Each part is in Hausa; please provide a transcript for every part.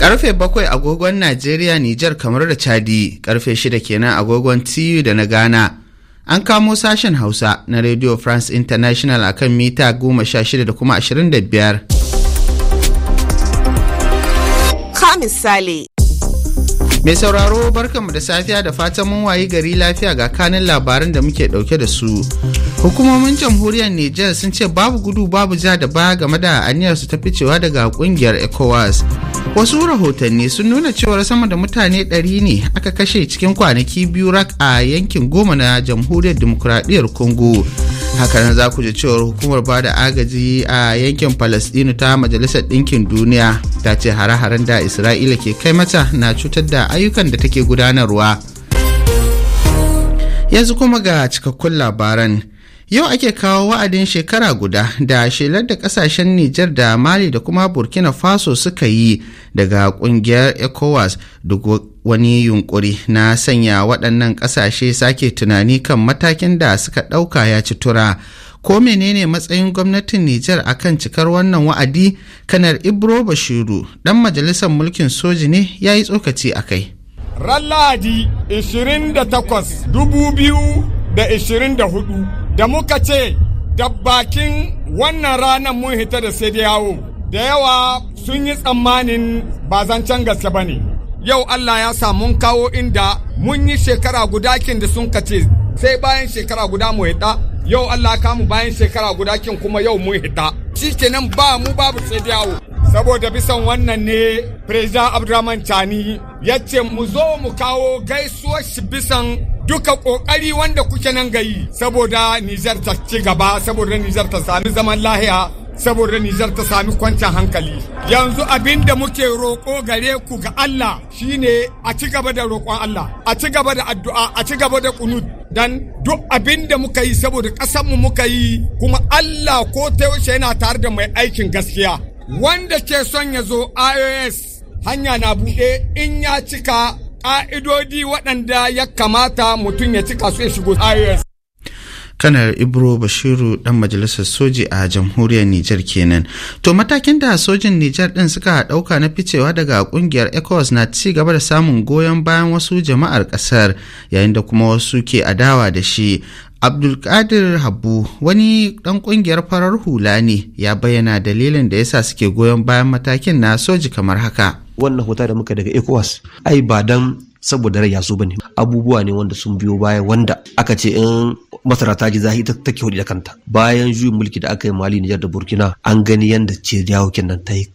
Karfe bakwai agogon Najeriya, Nijar kamar da Chadi, karfe shida kenan agogon TU da na Ghana. An kamo sashen Hausa na Radio France International a kan mita goma sha shida da kuma ashirin da biyar. Ka misali. Mai sauraro barkanmu da safiya da fatan mun wayi gari lafiya ga kanin labaran da muke dauke da su. Hukumomin jamhuriyar Nijar sun ce babu gudu babu ja da baya game da aniyar su ta ficewa daga kungiyar ECOWAS. Wasu rahotanni sun nuna cewar sama da mutane 100 ne aka kashe cikin kwanaki biyu rak a yankin goma na jamhuriyar dimokuraɗiyyar Congo. hakanan za ku ji cewar hukumar ba da agaji a yankin palestinu ta majalisar ɗinkin duniya ta ce hare-haren da isra'ila ke kai mata na cutar da ayyukan da take gudanarwa yanzu kuma ga cikakkun labaran yau ake kawo wa'adin shekara guda da shelar da kasashen Nijar da Mali da kuma Burkina Faso suka yi daga kungiyar ECOWAS duk wani yunkuri na sanya waɗannan ƙasashe sake tunani kan matakin da suka ɗauka ya ci tura. Ko menene matsayin gwamnatin Nijar kan cikar wannan wa'adi kanar Ibro Bashiru ɗan majalisar mulkin soji ne ya yi tsokaci a kai. Ran Lahadi 28 da ishirin da hudu da muka ce da bakin wannan ranar mun hita da sai da yawo da yawa sun yi tsammanin ba zancen gaske ba ne yau Allah ya sa mun kawo inda mun yi shekara guda kin da sun kace sai bayan shekara guda mu hita yau Allah ka mu bayan shekara guda kin kuma yau mun hita shikenan ba mu babu sai da yawo saboda bisan wannan ne president Abdurrahman Chani ya ce mu zo mu kawo gaisuwar shi bisan duka kokari wanda kuke nan gayi saboda Nijar ta ci gaba saboda Nijar ta sami zaman lahiya saboda Nijar ta sami kwancin hankali. Yanzu abinda muke roƙo gare ku ga Allah shine a ci gaba da roƙon Allah, a ci gaba da addu'a, a ci gaba da kunut. Dan duk abinda da muka yi saboda mu muka yi kuma Allah ko ta yaushe yana tare da mai aikin gaskiya. Wanda ke son ya zo IOS hanya na buɗe in ya cika ƙa'idodi waɗanda ya kamata mutum ya cika su ya shigo IS. kanar ibro bashiru ɗan majalisar soji a jamhuriyar nijar kenan to matakin da sojin nijar ɗin suka ɗauka na ficewa daga ƙungiyar ecowas na ci gaba da samun goyon bayan wasu jama'ar ƙasar, yayin da kuma wasu ke adawa da shi abdulkadir habu wani ɗan ƙungiyar farar hula ne ya bayyana dalilin da yasa suke goyon bayan matakin na soji kamar haka wannan hota da muka daga ecowas ai ba dan saboda rai ya ba bane abubuwa ne wanda sun biyo baya wanda aka ce in masara ta ji zahi ta take da kanta bayan juyin mulki da aka yi mali nijar da burkina an gani yadda ce jawo nan ta yi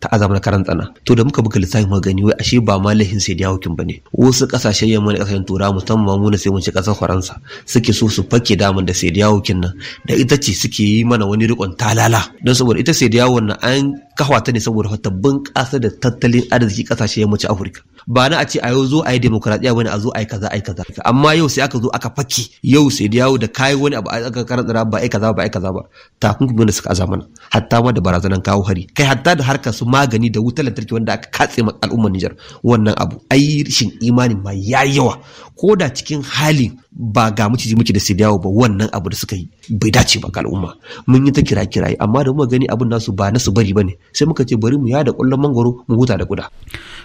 ta azaba na karan to da muka buga lissafi muka gani wai ashe ba ma lahin sai da bane wasu kasashen yamma ne kasashen tura musamman mu na sai mun ci kasar faransa suke so su fake damun da sai da nan da ita ce suke yi mana wani rikon talala don saboda ita sai da wannan an kafa ta ne saboda ta bunƙasa da tattalin arziki kasashe yammacin afirka ba na a ce a yau zo a yi demokradiyya wani a zo a yi kaza a yi kaza amma yau sai aka zo aka fake yau sai da yawo da kayi wani abu aka karanta ba a yi kaza ba a yi kaza ba takunkumin da suka azamana hatta ma da barazanan kawo hari kai hatta da harkar su magani da wutar lantarki wanda aka katse ma al'ummar Nijar wannan abu ai rashin imanin ma ya yawa ko da cikin hali ba ga muke ji muke da dawo ba wannan abu da suka yi bai dace ba ga al'umma mun yi ta kira kiraye amma da muka gani abin nasu ba nasu bari bane sai muka ce bari mu ya da kullun mangoro mu huta da guda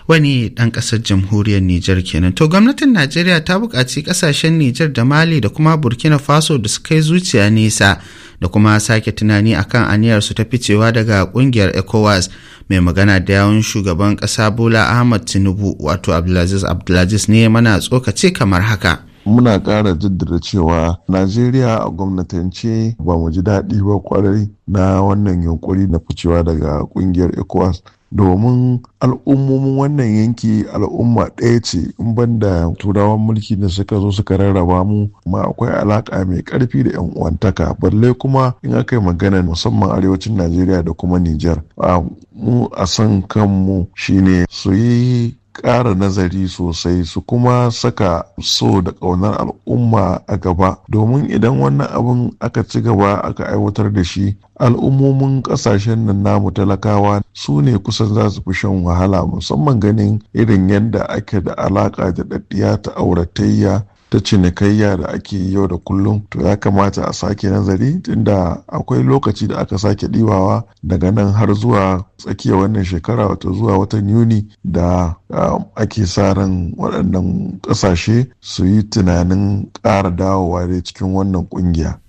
wani dan kasar jamhuriyar Nijar kenan to gwamnatin Najeriya ta bukaci kasashen Nijar da Mali da kuma Burkina Faso da suka yi zuciya nesa da kuma sake tunani akan aniyar su ta ficewa daga kungiyar ECOWAS mai magana da yawun shugaban ƙasa bola ahmad tinubu wato abdulaziz abdulaziz ne mana tsokace kamar haka muna ƙara jaddada cewa najeriya a gwamnatance ba mu ji daɗi ba kwarai na wannan yunkuri na ficewa daga ƙungiyar ecowas domin al'ummomin wannan yanki al'umma ɗaya ce in ban da turawan mulki da suka zo suka rarraba mu ma akwai alaƙa mai ƙarfi da yan uwantaka balle kuma in aka yi magana musamman arewacin najeriya da kuma niger nijar mu a san kanmu shine su yi ƙara nazari sosai su kuma saka so da ƙaunar al'umma a gaba domin idan wannan abin aka ci gaba aka aiwatar da shi al'ummomin ƙasashen nan namu talakawa su ne kusan za su fi shan wahala musamman ganin irin yadda ake da alaƙa da ɗaɗɗiya ta auratayya ta cinikayya da ake yau da kullum to ya kamata a sake nazari tunda akwai lokaci da aka sake ɗibawa daga nan har zuwa tsakiyar wannan shekara wato zuwa watan yuni da ake sa ran waɗannan ƙasashe su yi tunanin ƙara dawowa dai cikin wannan ƙungiya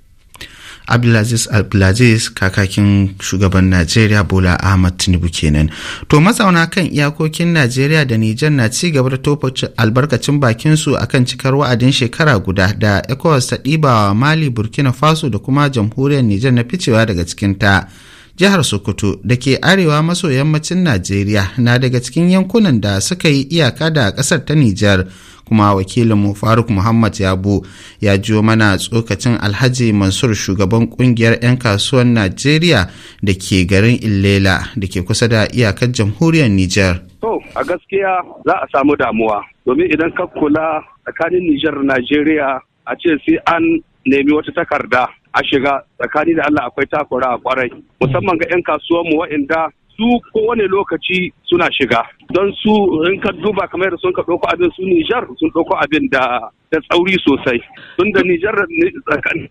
abdulaziz abdulaziz kakakin shugaban najeriya bola ahmad tinubu kenan to mazauna kan iyakokin najeriya da nijar na ci gaba da tofa albarkacin bakinsu akan cikar wa'adin shekara guda da ecowas ta ɗiba mali burkina faso da kuma jamhuriyar nijar na ficewa daga cikin ta jihar sokoto da ke arewa maso yammacin najeriya na daga cikin yankunan da suka yi iyaka da kasar ta nijar kuma wakilin mu faruk muhammad yabo ya jiyo mana tsokacin alhaji mansur shugaban kungiyar 'yan kasuwan najeriya da ke garin ilela da ke kusa da iyakar jamhuriyar nijar to a gaskiya za a samu damuwa domin idan ka kula tsakanin nijar najeriya a ce sai an nemi wata takarda a shiga tsakani da Allah akwai takura a kwarai musamman ga 'yan kasuwanmu wa'inda su kowane lokaci suna shiga don su in ka duba kamar da sun ka ɗauko abin su Nijar sun ɗauko abin da da tsauri sosai tun da Nijar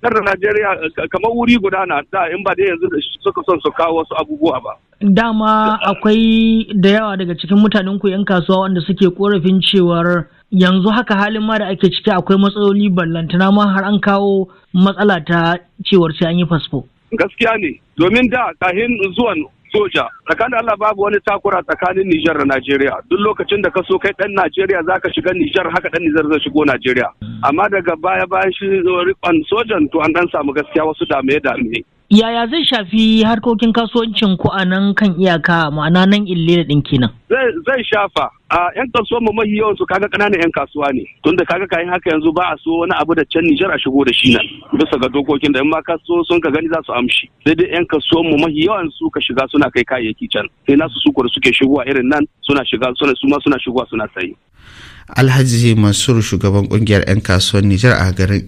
da Najeriya kamar wuri guda na da in ba dai yanzu da suka son su kawo wasu abubuwa ba. Dama akwai da yawa daga cikin mutanen ku 'yan kasuwa wanda suke korafin cewar yanzu haka halin ma da ake ciki akwai matsaloli ballantana ma har an kawo matsala ta cewar sai an yi fasfo. Gaskiya ne, domin da kahin zuwan soja tsakanin Allah babu wani takura tsakanin Nijar da Najeriya duk lokacin da ka so kai ɗan Najeriya zaka shiga Nijar haka dan Nijar zai shigo Najeriya amma daga baya bayan shi riƙon sojan to an dan samu gaskiya wasu dame dame yaya zai shafi harkokin kasuwancin ku a nan kan iyaka ma'ana nan ille da ɗin kenan. zai shafa a yan kasuwar mu mahi yawan su kaga kananan yan kasuwa ne tunda kaga kayan haka yanzu ba a so wani abu da can Nijar a shigo da shi nan bisa ga dokokin da in ma kasuwa sun ka gani za su amshi sai dai yan kasuwan mu mahi yawan su ka shiga suna kai kayayyaki can sai nasu su suke shigowa irin nan suna shiga suna suma suna shigowa suna sayi alhaji mansur shugaban kungiyar 'yan kasuwar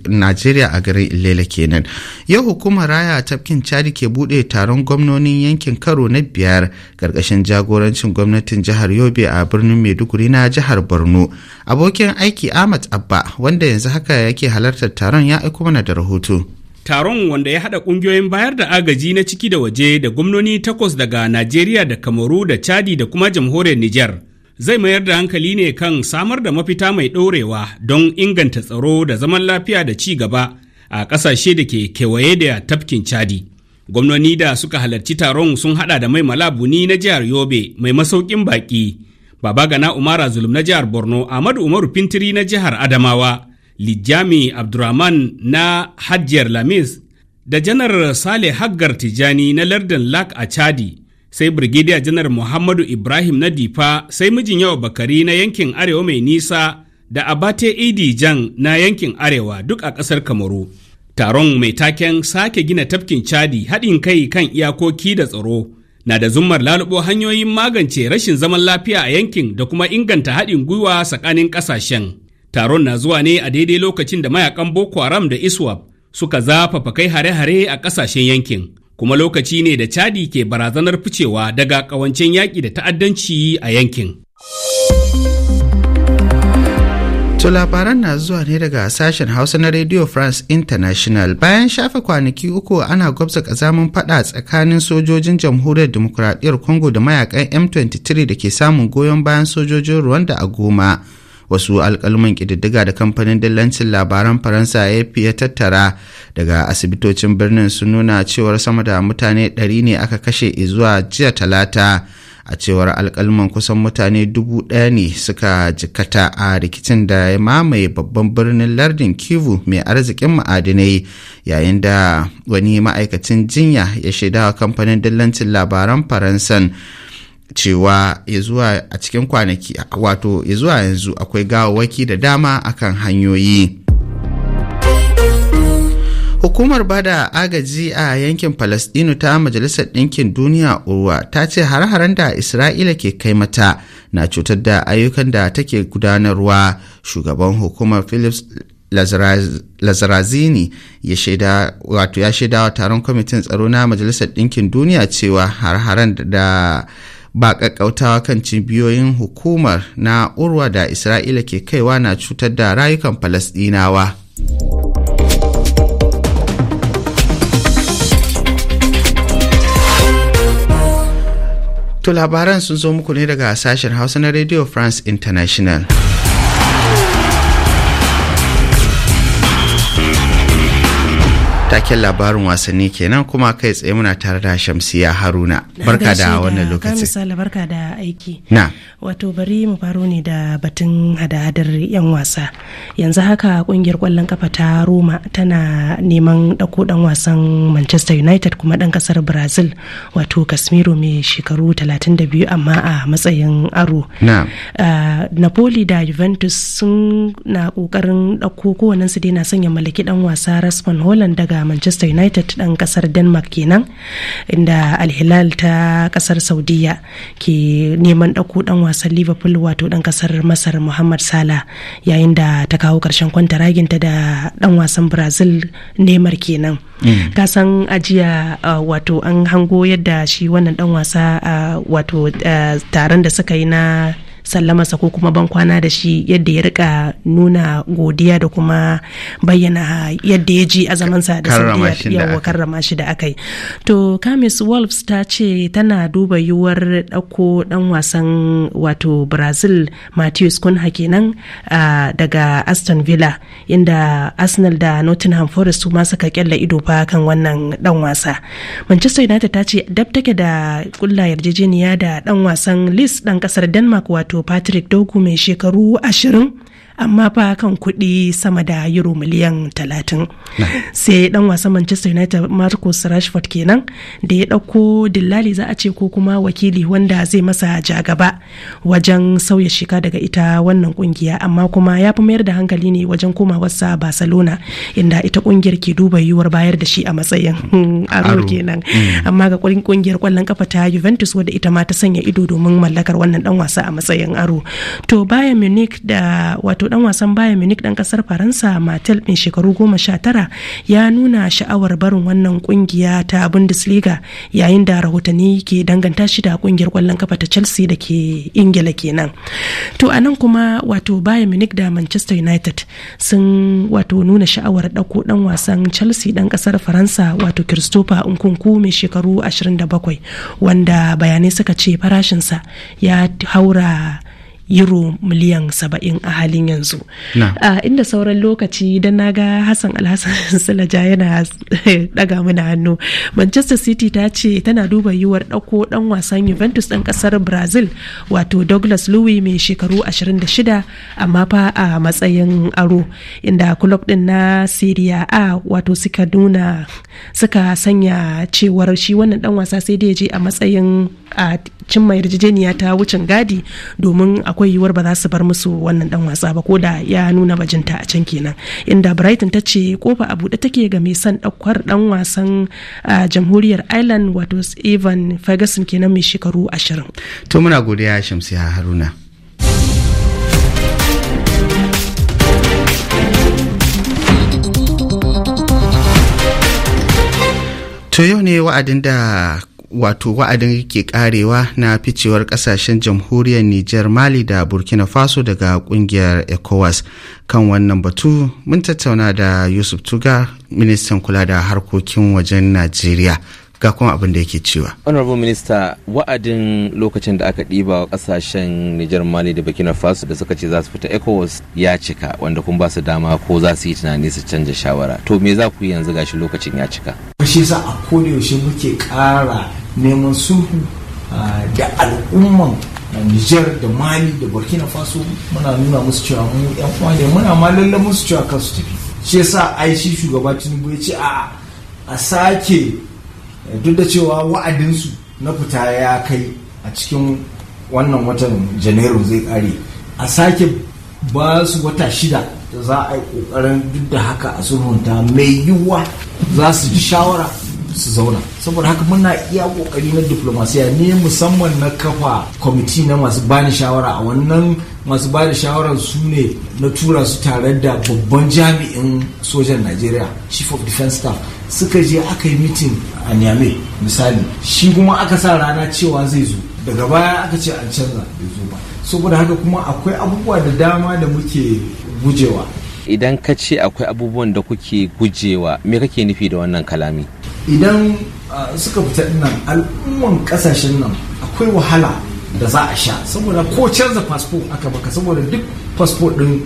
najeriya a garin ilela kenan yau hukumar raya a tafkin chadi ke bude taron gwamnonin yankin karo na biyar karkashin jagorancin gwamnatin jihar yobe a birnin maiduguri na jihar borno abokin aiki ahmad abba wanda yanzu haka yake halartar taron ya aiko mana da rahoto taron wanda ya haɗa ƙungiyoyin bayar da agaji na ciki da waje da gwamnoni takwas daga najeriya da kamaru da chadi da kuma jamhuriyar Nijar. zai mayar da hankali ne kan samar da mafita mai ɗorewa don inganta tsaro da zaman lafiya da ci gaba a ƙasashe da ke kewaye da tafkin Chadi. Gwamnoni da suka halarci taron sun hada da mai malabuni na jihar Yobe mai masaukin baki Baba Gana Umara Zulum na jihar Borno, Ahmadu Umaru Fintiri na jihar Adamawa, Lijami Abdurrahman na Hajjiyar Lamis da Janar Sale Haggar Tijani na lardin Lak a Chadi. sai Brigadier janar Muhammadu Ibrahim na Difa sai mijin yawa Bakari na yankin Arewa mai nisa da Abate Idi Jan na yankin Arewa duk a ƙasar Kamaru. Taron mai taken sake gina tafkin Chadi haɗin kai kan iyakoki da tsaro na da zumar lalubo hanyoyin magance rashin zaman lafiya a yankin da kuma inganta haɗin gwiwa tsakanin ƙasashen. Taron na zuwa ne a daidai lokacin da mayakan Boko Haram da ISWAP suka zafafa kai hare-hare a ƙasashen yankin. kuma lokaci ne da Chadi ke barazanar ficewa daga ƙawancin yaƙi da ta'addanci a yankin. To labaran na zuwa ne daga sashen Hausa na Radio France International bayan shafe kwanaki uku ana gwabza kazamin fada tsakanin sojojin jamhuriyar demokuraɗiyyar Congo da mayakan M23 da ke samun goyon bayan sojojin Rwanda a goma. wasu alkalman ƙididdiga da kamfanin dillancin labaran faransa afp ya tattara daga asibitocin birnin sun nuna cewar sama da mutane 100 ne aka kashe zuwa jiya talata a cewar alkalman kusan mutane 1,000 ne suka jikata a rikicin da ya mamaye babban birnin lardin kivu mai arzikin ma'adinai yayin da wani ma'aikacin jinya ya shaidawa kamfanin dillancin labaran faransan cewa ya zuwa a cikin kwanaki wato ya zuwa yanzu akwai gawawaki da dama akan hanyoyi. Hukumar bada agaji a yankin palestino ta Majalisar Ɗinkin Duniya Urwa ta ce har-haren da Isra'ila ke kai mata na cutar da ayyukan da take gudanarwa shugaban hukumar Philips Lazarazini ya shaida wa taron kwamitin tsaro na Majalisar Ɗinkin Duniya cewa har-haren da ba ƙaƙƙautawa kan cibiyoyin hukumar na urwa da isra'ila ke kaiwa na cutar da rayukan falasɗinawa to labaran sun zo muku ne daga sashen hausa na radio france international taken labarin wasanni kenan kuma kai tsaye muna tare da shamsiya haruna barka da wannan lokaci barka da aiki na wato bari mu faro ne da batun hada-hadar yan wasa yanzu haka kungiyar kwallon kafa ta roma tana neman dako dan wasan manchester united kuma dan kasar brazil wato casemiro mai shekaru 32 amma a matsayin aro na ah, napoli da juventus sun na kokarin dako kowannen su dai na sanya mallaki dan wasa rasman holland daga da manchester united ɗan ƙasar denmark kenan inda alhilal ta ƙasar saudiya ke neman ɗauko ɗan wasan liverpool wato ɗan ƙasar masar muhammad salah yayin da ta kawo ƙarshen raginta da ɗan wasan brazil neymar kenan mm. Ka san ajiya wato an hango yadda shi wannan ɗan wasa wato taron da suka yi na sallamarsa ko kuma ban kwana da shi yadda ya rika nuna godiya da kuma bayyana yadda ya ji a sa da saudiya karrama shi da aka yi to kamis wolves ta ce tana duba yiwuwar ɗauko ɗan wasan wato brazil matthews kunha kenan daga aston villa inda arsenal da nottingham forest su masu suka kyalla ido fa kan wannan ɗan wasa manchester united ta ce dab take da kulla yarjejeniya da ɗan wasan lis ɗan ƙasar denmark wato wato patrick dogu mai shekaru ashirin amma fa kan kuɗi sama da euro miliyan talatin sai ɗan wasan manchester united marcus rashford kenan da ya ɗauko dillali za a ce ko kuma wakili wanda zai masa jagaba wajen sauya shika daga ita wannan ƙungiya amma kuma ya fi mayar da hankali ne wajen komawarsa barcelona inda ita kungiyar ke duba yiwuwar bayar da shi a matsayin aro kenan mm. amma ga kungiyar kwallon kafa ta juventus wadda ita ma ta sanya ido domin mallakar wannan dan wasa a matsayin aro to bayan munich da wato ɗan dan wasan Bayern Munich dan kasar Faransa Matel din shekaru tara ya nuna sha'awar barin wannan kungiya ta Bundesliga yayin da rahotanni ke danganta shi da kungiyar kwallon kafa ta Chelsea da ke Ingila kenan. To anan kuma wato Bayern Munich da Manchester United sun wato nuna sha'awar dauko dan wasan Chelsea dan kasar Faransa wato Christopher Nkunku mai shekaru 27 wanda bayanai suka ce farashinsa ya haura euro miliyan saba'in a halin yanzu inda sauran lokaci don na ga hassan alhassan Salaja yana daga mana hannu manchester city ta ce tana duba yiwuwar ɗauko ɗan wasan juventus ɗan ƙasar brazil wato douglas louis mai shekaru 26 amma fa a matsayin aro inda kulob din na syria a wato suka nuna suka sanya cewar shi wannan ɗan wasa sai dai je a matsayin a cimma yarjejeniya ta wucin gadi domin a akwai yiwuwar ba za su bar musu wannan dan wasa ba ko da ya nuna bajinta a can kenan inda brighton ta ce kofa a buɗe take ga mai son ɗaukar dan wasan jamhuriyar ireland wato evan ferguson kenan mai shekaru ashirin to muna godiya shamsiya haruna to yau ne wa'adin da wato wa'adin ke karewa na ficewar kasashen jamhuriyar Nijar Mali da Burkina Faso daga kungiyar ECOWAS kan wannan batu mun tattauna da Yusuf Tuga ministan kula da harkokin wajen Najeriya ga kuma abin da yake cewa. Honorable Minister, wa'adin lokacin da aka ɗiba wa ƙasashen Nijar Mali da Burkina Faso da suka ce za su fita ECOWAS ya cika wanda kun ba su dama ko za su yi tunani su canja shawara. To me za ku yi yanzu gashi lokacin ya cika? shi sa a yaushe muke kara neman sulhu da al'umman Nijar da Mali da Burkina Faso muna nuna musu cewa mu yan uwa muna ma lalle musu cewa kan su tafi shi yasa ai shi shugaba Tinubu ya ce a a sake duk da cewa wa'adinsu na fita ya kai a cikin wannan watan Janairu zai kare a sake ba su wata shida da za a yi kokarin duk da haka a sulhunta mai yiwuwa za su ji shawara su zauna saboda haka muna iya kokari na diplomasiya ne musamman na kafa kwamiti na masu bani shawara a wannan masu bani shawara su ne na tura su tare da babban jami'in sojan najeriya chief of defense staff suka je aka yi mitin a niamey misali shi kuma aka sa rana cewa zai zo daga baya aka ce an canza bai zo ba saboda haka kuma akwai abubuwa da dama da muke gujewa idan ka ce akwai abubuwan da kuke gujewa me kake nufi da wannan kalami idan ah, suka fita nan al'umman kasashen nan akwai wahala da za a sha saboda ko canza fasfo aka baka saboda duk fasfo din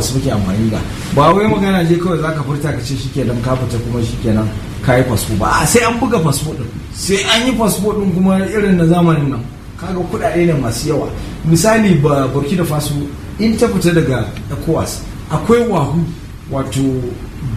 su muke amfani da ba wai magana je kawai za ka furta ka ce shi shikenan ka fita kuma shi nan ka yi fasfo ba sai an buga fasfo din sai an yi fasfo din kuma irin na zamanin nan kaga kuɗaɗe ne masu yawa misali ba burkina faso in ta fita daga ecowas akwai wahu wato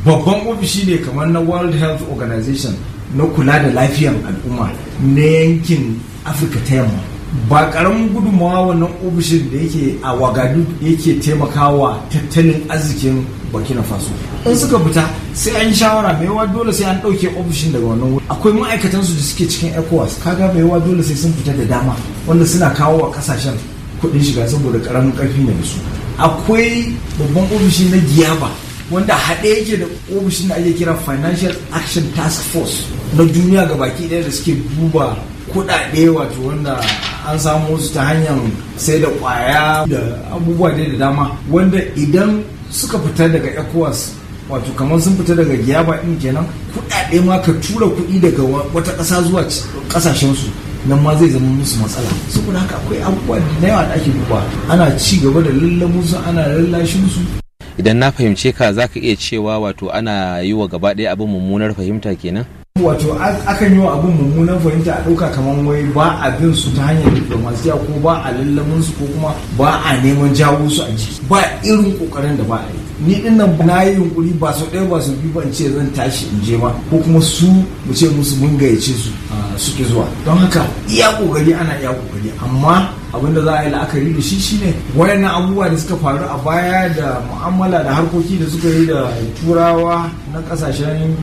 babban ofishi ne kamar na world health organization na kula da lafiyar al'umma na yankin afirka ta yamma ba karamin gudunmawa wannan ofishin da yake a wagadu yake taimakawa tattalin arzikin burkina faso in suka fita sai an shawara mai yawa dole sai an ɗauke ofishin daga wannan wuri akwai ma'aikatan su da suke cikin ecowas kaga mai yawa dole sai sun fita da dama wanda suna kawo wa kasashen kuɗin shiga saboda karamin karfi ne su akwai babban ofishi na giyaba wanda haɗe yake da ofishin da ake kira financial action task force na duniya ga baki ɗaya da suke duba kuɗaɗe wato wanda an samu su ta hanyar sai da ƙwaya da abubuwa dai da dama wanda idan suka fita daga ecowas wato kamar sun fita daga giyaba ɗin kenan kuɗaɗe ma ka tura kuɗi daga wata ƙasa zuwa ƙasashensu nan ma zai zama musu matsala saboda haka akwai abubuwa da yawa da ake duba ana ci gaba da lallamu su ana lallashi musu idan na fahimce ka za ka iya cewa wato ana yi wa gaba ɗaya abin mummunar fahimta kenan wato akan yi wa abin mummunan fahimta a ɗauka kamar wai ba a bin su ta hanyar diplomasiya ko ba a lallamin su ko kuma ba a neman jawo su a jiki ba irin kokarin da ba a yi ni din nan na yi yunkuri ba su ɗaya ba su biyu ba ce zan tashi in je ba, ko kuma su mu ce musu mun gayyace su suke zuwa don haka iya kokari ana iya kokari amma abin da za a yi la'akari da shi shine wayannan abubuwa da suka faru a baya da mu'amala da harkoki da suka yi da turawa na kasashen